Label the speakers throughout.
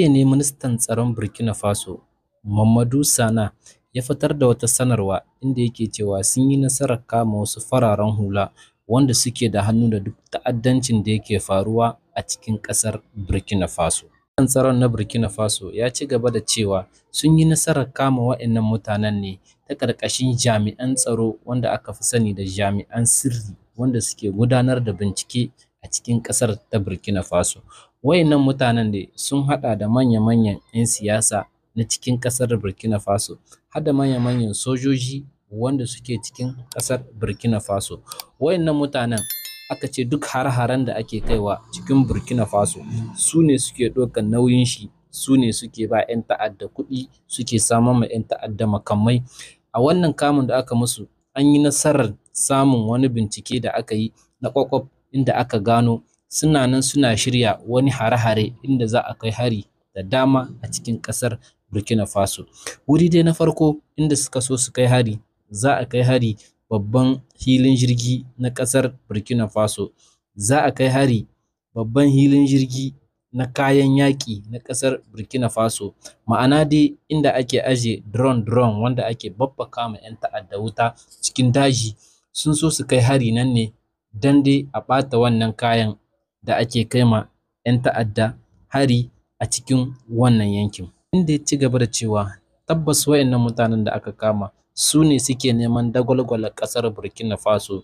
Speaker 1: jiya ne ministan tsaron burkina faso mamadu sana ya fitar da wata sanarwa inda yake cewa sun yi nasarar kama wasu fararen hula wanda suke da hannu da duk ta'addancin da yake faruwa a cikin ƙasar burkina faso ministan tsaron na burkina faso ya ci gaba da cewa sun yi nasarar kama waɗannan mutanen ne ta ƙarƙashin jami'an tsaro wanda aka fi sani da jami'an sirri wanda suke gudanar da bincike a cikin ƙasar ta burkina faso Wayannan mutanen ne sun haɗa da manya-manyan 'yan siyasa na cikin ƙasar Burkina Faso, har da manya-manyan sojoji wanda suke cikin ƙasar Burkina Faso. Wayannan mutanen aka ce duk har-haren da ake kaiwa cikin Burkina Faso su ne suke ɗaukar nauyin shi, su ne suke ba 'yan ta'adda kuɗi, suke samar ma 'yan ta'adda makamai. A wannan kamun da aka musu an yi nasarar samun wani bincike da aka yi na ƙwaƙwaf inda aka gano suna nan suna shirya wani hare-hare inda za a kai hari da dama a cikin ƙasar burkina faso wuri dai na farko inda suka so su kai hari za a kai hari babban hilin jirgi na ƙasar burkina faso za a kai hari babban hilin jirgi na kayan yaƙi na ƙasar burkina faso ma'ana dai inda ake aje drone drone wanda ake babbaka ma 'yan ta'adda wuta cikin daji sun so su kai hari nan ne don dai a ɓata wannan kayan da ake ma 'yan ta'adda hari a cikin wannan yankin. Inda ya ci gaba da cewa tabbas wayannan mutanen da aka kama su ne suke neman dagwalgwala ƙasar Burkina Faso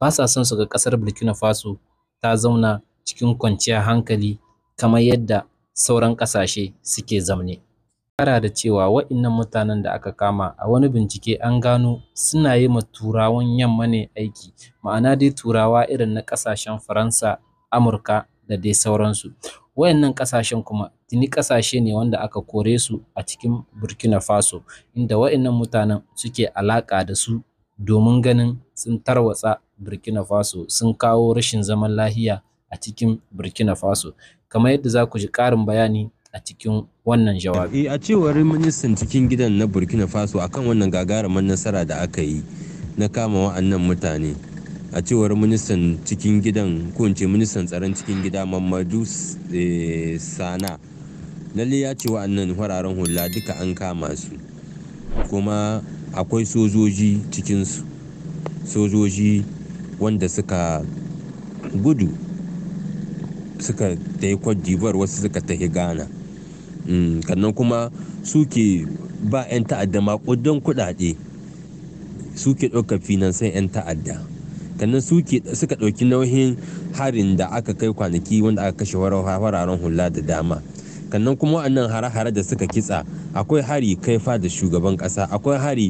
Speaker 1: ba sa son su ga ƙasar Burkina Faso ta zauna cikin kwanciyar hankali kamar yadda sauran ƙasashe suke zamne. Kara da cewa waɗannan mutanen da aka kama a wani bincike an gano suna yi ma turawan yamma ne aiki ma'ana dai turawa irin na ƙasashen Faransa amurka da dai sauransu wayannan ƙasashen kuma tuni ƙasashe ne wanda aka kore su a cikin burkina faso inda wayannan mutanen suke alaƙa da su domin ganin sun tarwatsa burkina faso sun kawo rashin zaman lahiya a cikin burkina faso kamar yadda za ku ji ƙarin bayani
Speaker 2: a cikin wannan jawabi eh, a cewar ministan cikin gidan na burkina faso akan wannan gagarumar nasara da aka yi na kama wa'annan mutane a cewar ministan cikin gidan ko ministan tsaron cikin gida mamadu eh, sana lalle ya ce wa'annan wararen hula duka an kama su kuma akwai sojoji cikinsu sojoji wanda suka gudu suka ta yi kwadibar wasu suka ta gana kannan mm, kuma suke ba 'yan ta'adda makudan kudade suke ɗaukar finansan 'yan ta'adda kannan suke suka ɗauki nauyin harin da aka kai kwanaki wanda aka kashe wararen hula da dama kannan kuma wa'annan hare-hare da suka kitsa akwai hari kaifa da shugaban ƙasa akwai hari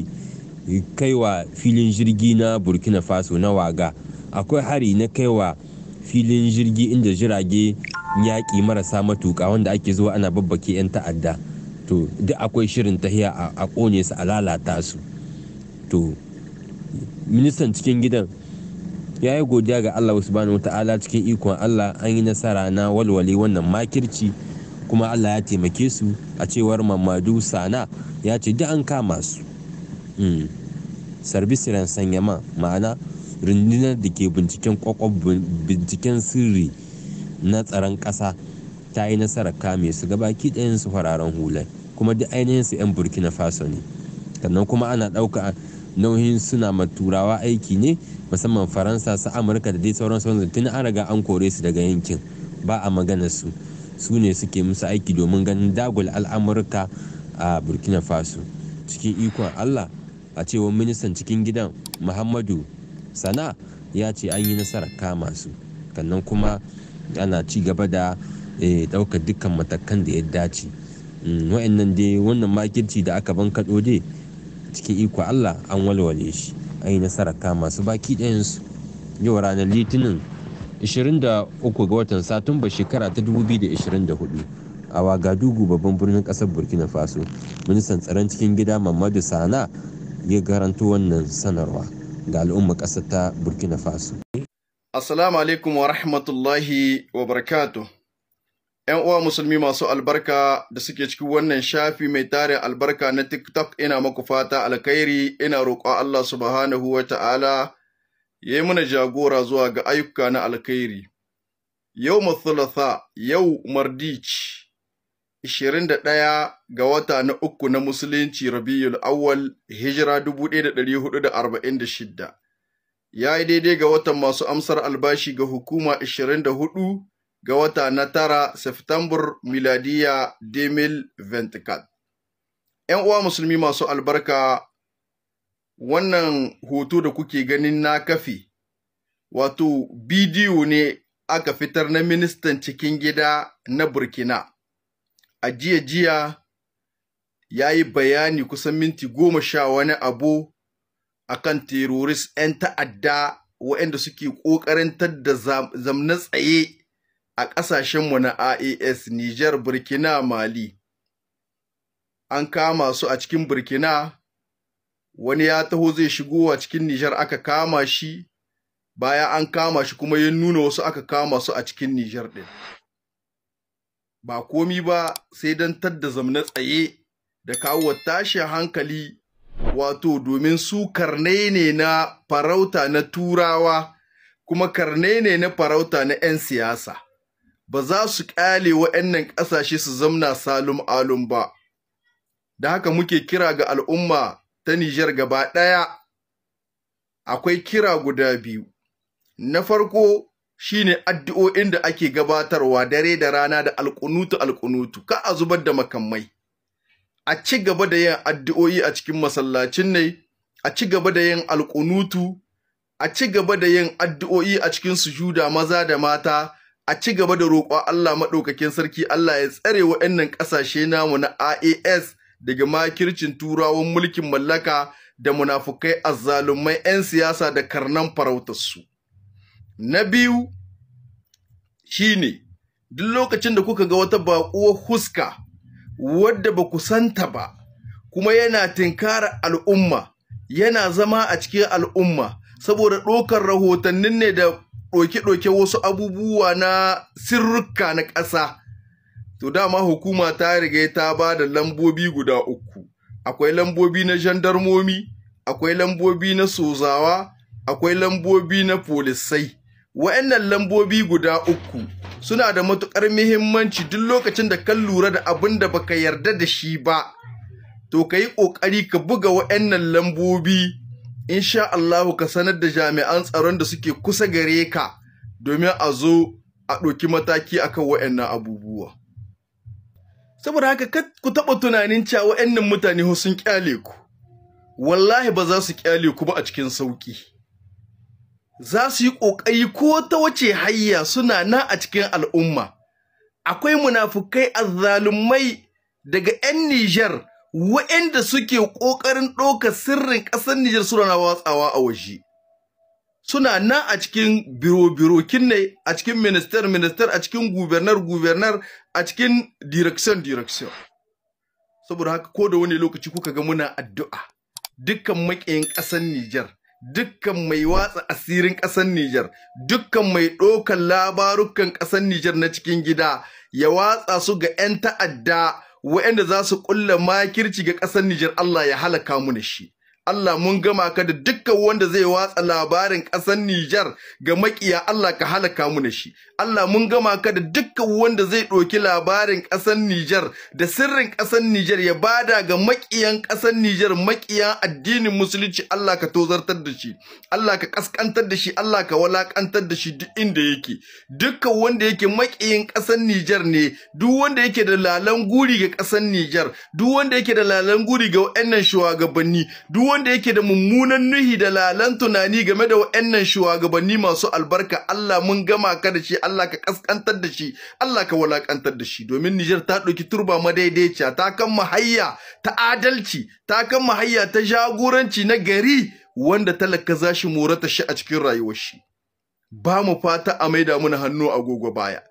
Speaker 2: kaiwa filin jirgi na burkina faso na waga akwai hari na kaiwa filin jirgi inda jirage yaƙi marasa matuƙa wanda ake zuwa ana babbake 'yan ta'adda to duk akwai shirin tahiya a ƙone su a lalata su to ministan cikin gidan ya yi godiya ga Allah subhanahu ta'ala cikin ikon Allah an yi nasara na walwale wannan makirci kuma Allah ya taimake su a cewar Mamadu Sana ya ce duk an kama su hmm. sarbisiran ma ma'ana rundunar da ke binciken kwakwab binciken sirri na tsaron ƙasa ta yi nasarar kame su gabaki ɗayan su fararen hular kuma duk ainihin su 'yan burkina faso ne sannan kuma ana ɗauka nauyin suna ma turawa aiki ne musamman faransa su amurka da dai sauran sauran tun an raga an kore su daga yankin ba a magana su su ne suke musu aiki domin ganin dagul al'amurka a burkina faso cikin ikon allah a cewar ministan cikin gidan muhammadu sana ya ce an yi nasara kama su kannan kuma ana ci gaba da eh, ɗaukar dukkan matakan da ya dace mm, wa'annan dai wannan makirci da aka kaɗo dai cikin iko Allah an walwale shi an yi nasara kama su baki ɗayansu yau ranar litinin 23 ga watan satumba shekara ta 2024 a wagadugu babban birnin ƙasar burkina faso ministan tsaron cikin gida mamadu sana ya garanto wannan sanarwa ga al'umma ƙasar ta burkina faso
Speaker 3: assalamu alaikum wa rahmatullahi wa barakatuh ‘Yan uwa musulmi masu albarka da suke cikin wannan shafi mai tare albarka na TikTok ina maku fata alkhairi ina roƙon Allah subhanahu wa ta'ala ya yi mana jagora zuwa ga ayyuka na alkhairi. Yau mathulatha, yau mardich, 21 ga wata na uku na Musulunci Rabiul Awwal, Hijira 1446. Ya yi daidai ga watan masu amsar albashi ga hukuma 24 ga wata na tara Septambur miladiya 2024. ‘Yan uwa musulmi masu albarka wannan hoto da kuke ganin na kafi, wato bidiyo ne aka fitar na ministan cikin gida na Burkina. A jiya jiya ya yi bayani kusan minti goma sha wani abu akan terrorist ‘yan ta'adda waɗanda suke ƙoƙarin da zamna tsaye a ƙasashenmu na IAS niger Burkina Mali. An kama su a cikin Burkina, wani ya taho zai shigo a cikin Nijar aka kama shi, baya an kama shi kuma ya nuna wasu aka kama su a cikin Nijar ɗin. Ba komi ba sai don tadda zamna tsaye da kawo tashin hankali wato domin su karne ne na farauta na turawa kuma karne ne na farauta na 'yan siyasa. ba za su ƙyale waɗannan ƙasashe su zamna salum alum ba. Da haka muke kira ga al'umma ta Nijar gaba ɗaya, akwai kira guda biyu. Na farko shi ne addu'o'in da ake gabatarwa dare da rana da alƙunutu-alƙunutu, ka a zubar da makamai. A ci gaba da yin addu'o'i a cikin masallacin ne, a ci gaba da yin alƙunutu, a ci gaba da yin addu'o'i a cikin sujuda maza da mata, a ci gaba da roƙo, Allah maɗaukakin sarki Allah ya tsare waɗannan ƙasashe namu na AAS daga makircin turawan mulkin mallaka da munafukai azzalumai 'yan siyasa da karnan farautarsu. Na biyu shi ne, duk lokacin da kuka ga wata baƙuwar huska wadda ba ku santa ba kuma yana tinkara al'umma yana zama a cikin al'umma saboda ɗaukar rahotannin ne da ɗoke-ɗoke wasu abubuwa na sirruka na ƙasa to dama hukuma ta riga ta ba da lambobi guda uku akwai lambobi na jandarmomi akwai lambobi na sozawa akwai lambobi na polisai wa'annan lambobi guda uku suna da matuƙar muhimmanci duk lokacin da kan lura da abin da baka yarda da shi ba to ka yi ƙoƙari ka buga wa'annan lambobi in sha Allahu ka sanar da jami'an tsaron da suke kusa gare ka domin a zo a ɗauki mataki akan wa'annan abubuwa saboda haka ku taɓa tunanin cewa wa'annan mutane sun kyale ku wallahi ba za su ƙyale ku ba a cikin sauƙi. za su yi ƙoƙari ko ta wace hayya suna na a cikin al'umma akwai munafukai azzalumai daga 'yan Nijar Waɗanda suke ƙoƙarin ɗaukar sirrin ƙasar Nijar suna na watsawa a waje suna nan a cikin biro-birokin ne a cikin minister-minister a cikin gubernar-gubernar a cikin direction-direction saboda haka ko da wani lokaci kuka ga muna addu'a dukkan maƙiyin ƙasar Nijar dukkan mai watsa asirin ƙasar Nijar dukkan mai ɗaukar labarukan ƙasar Nijar na cikin gida ya watsa su ga 'yan ta'adda waɗanda za su ƙulla makirci ga ƙasar Nijar Allah ya halaka mu da shi Allah mun gama ka da dukkan wanda zai watsa labarin ƙasar Nijar ga makiya Allah ka halaka mu da shi. Allah mun gama ka da dukkan wanda zai ɗauki labarin ƙasar Nijar da sirrin ƙasar Nijar ya bada ga makiyan ƙasar Nijar makiyan addinin musulunci Allah ka tozartar da shi. Allah ka ƙasƙantar da shi Allah ka walaƙantar da shi duk inda yake. Dukkan wanda yake makiyin ƙasar Nijar ne duk wanda yake da lalan guri ga ƙasar Nijar duk wanda yake da lalan guri ga waɗannan shugabanni duk wanda yake da mummunan nuhi da lalan tunani game da wa'annan shugabanni masu albarka Allah mun gama ka da shi Allah ka kaskantar da shi Allah ka walakantar da shi domin Nijar ta ɗauki turba madaidaiciya ta kan mahayya ta adalci ta kan mahayya ta jagoranci na gari wanda talaka zashi ta shi a cikin rayuwar shi ba mu fata a maida mana hannu agogo baya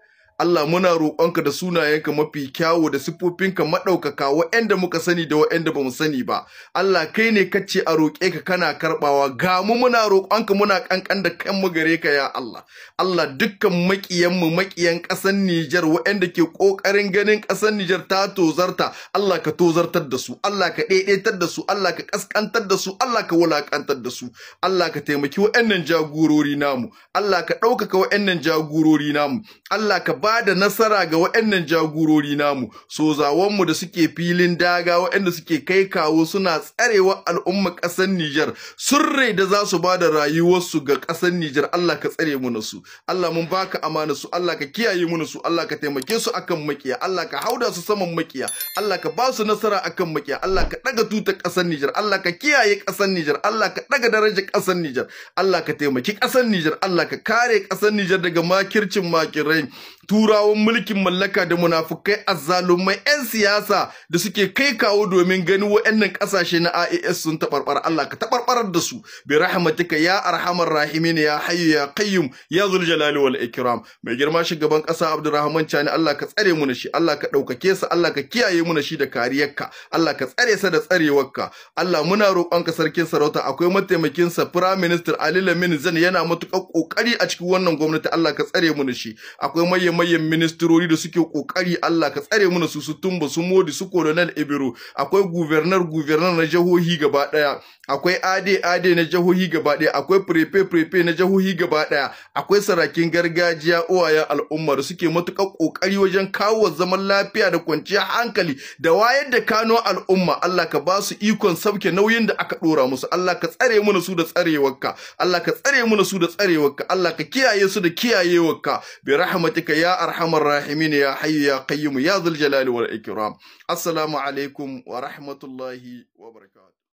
Speaker 3: Allah muna roƙonka da sunayenka mafi kyawu da siffofinka maɗaukaka wa'yanda muka sani da wa'yanda ba sani ba. Allah kai ne ka a roƙe ka kana karɓawa ga mu muna roƙonka muna ƙanƙan da mu gare ka ya Allah. Allah dukkan maƙiyanmu maƙiyan ƙasar Nijar wa'yanda ke ƙoƙarin ganin ƙasar Nijar ta tozarta Allah ka tozartar da su Allah ka ɗaiɗaitar da su Allah ka ƙasƙantar da su Allah ka wulaƙantar da su Allah ka taimaki wa'yannan jagorori namu Allah ka ɗaukaka wa'yannan jagorori namu Allah ka ba ba da nasara ga waɗannan jagorori namu sozawanmu da suke filin daga waɗanda suke kai kawo suna tsarewa al'umma ƙasar Nijar Sirri da za su ba da rayuwarsu ga ƙasar Nijar Allah ka tsare mu na su Allah mun baka amana su Allah ka kiyaye mu su Allah ka taimake su akan makiya Allah ka hauda su saman makiya Allah ka ba su nasara akan makiya Allah ka daga tutar ƙasar Nijar Allah ka kiyaye ƙasar Nijar Allah ka daga darajar ƙasar Nijar Allah ka taimaki ƙasar Nijar Allah ka kare ƙasar Nijar daga makircin makirai turawan mulkin mallaka da munafukai azzalumai 'yan siyasa da suke kai kawo domin gani wa'annan kasashe na AAS sun taɓarɓar Allah ka taɓarɓarar da su bi rahmatika ya arhamar rahimin ya hayyu ya qayyum ya zul jalali wal ikram mai girma shugaban ƙasa Abdurrahman Chani Allah ka tsare mu na shi Allah ka ɗaukake sa Allah ka kiyaye mu na shi da kariyarka Allah ka tsare sa da tsarewarka Allah muna ka sarkin sarauta akwai mataimakin sa Prime Minister Ali Lamin Zan yana matuƙar ƙoƙari a cikin wannan gwamnati Allah ka tsare mu na shi akwai manyan ministerori da suke kokari Allah ka tsare mana su su tumba su modi su colonel ibiru akwai governor governor na jihohi gaba daya akwai ade ade na jihohi gaba daya akwai prepe prepe na jihohi gaba daya akwai sarakin gargajiya uwayen al'umma da suke matukar kokari wajen kawo zaman lafiya da kwanciyar hankali da wayar da kano al'umma Allah ka ba su ikon sauke nauyin da aka dora musu Allah ka tsare mana su da tsarewarka Allah ka tsare mana su da tsarewarka Allah ka kiyaye su da kiyayewarka bi rahmatika ya أرحم الراحمين يا حي يا قيوم يا ذو الجلال والإكرام السلام عليكم ورحمة الله وبركاته